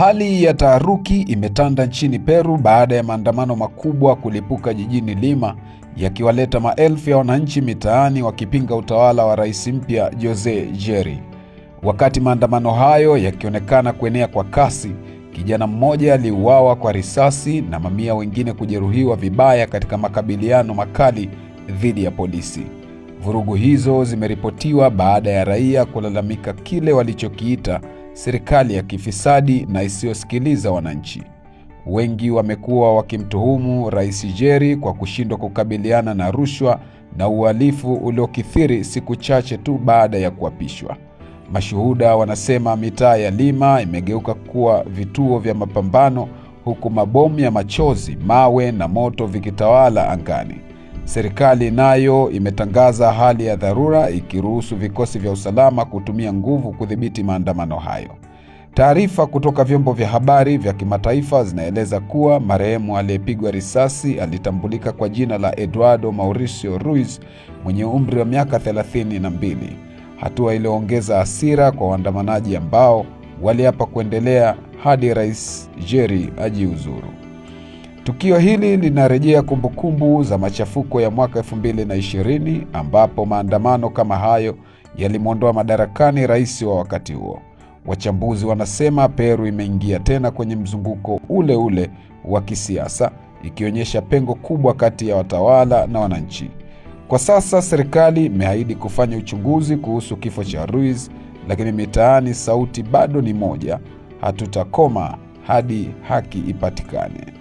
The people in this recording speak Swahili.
Hali ya taharuki imetanda nchini Peru baada ya maandamano makubwa kulipuka jijini Lima yakiwaleta maelfu ya wananchi mitaani wakipinga utawala wa rais mpya Jose Jeri. Wakati maandamano hayo yakionekana kuenea kwa kasi, kijana mmoja aliuawa kwa risasi na mamia wengine kujeruhiwa vibaya katika makabiliano makali dhidi ya polisi. Vurugu hizo zimeripotiwa baada ya raia kulalamika kile walichokiita serikali ya kifisadi na isiyosikiliza wananchi. Wengi wamekuwa wakimtuhumu Rais Jerry kwa kushindwa kukabiliana na rushwa na uhalifu uliokithiri siku chache tu baada ya kuapishwa. Mashuhuda wanasema mitaa ya Lima imegeuka kuwa vituo vya mapambano huku mabomu ya machozi, mawe na moto vikitawala angani. Serikali nayo imetangaza hali ya dharura ikiruhusu vikosi vya usalama kutumia nguvu kudhibiti maandamano hayo. Taarifa kutoka vyombo vya habari vya kimataifa zinaeleza kuwa marehemu aliyepigwa risasi alitambulika kwa jina la Eduardo Mauricio Ruiz mwenye umri wa miaka 32, hatua iliyoongeza hasira kwa waandamanaji ambao waliapa kuendelea hadi Rais Jerry ajiuzuru. Tukio hili linarejea kumbukumbu za machafuko ya mwaka 2020 ambapo maandamano kama hayo yalimwondoa madarakani rais wa wakati huo. Wachambuzi wanasema Peru imeingia tena kwenye mzunguko ule ule wa kisiasa, ikionyesha pengo kubwa kati ya watawala na wananchi. Kwa sasa serikali imeahidi kufanya uchunguzi kuhusu kifo cha Ruiz, lakini mitaani sauti bado ni moja: hatutakoma hadi haki ipatikane.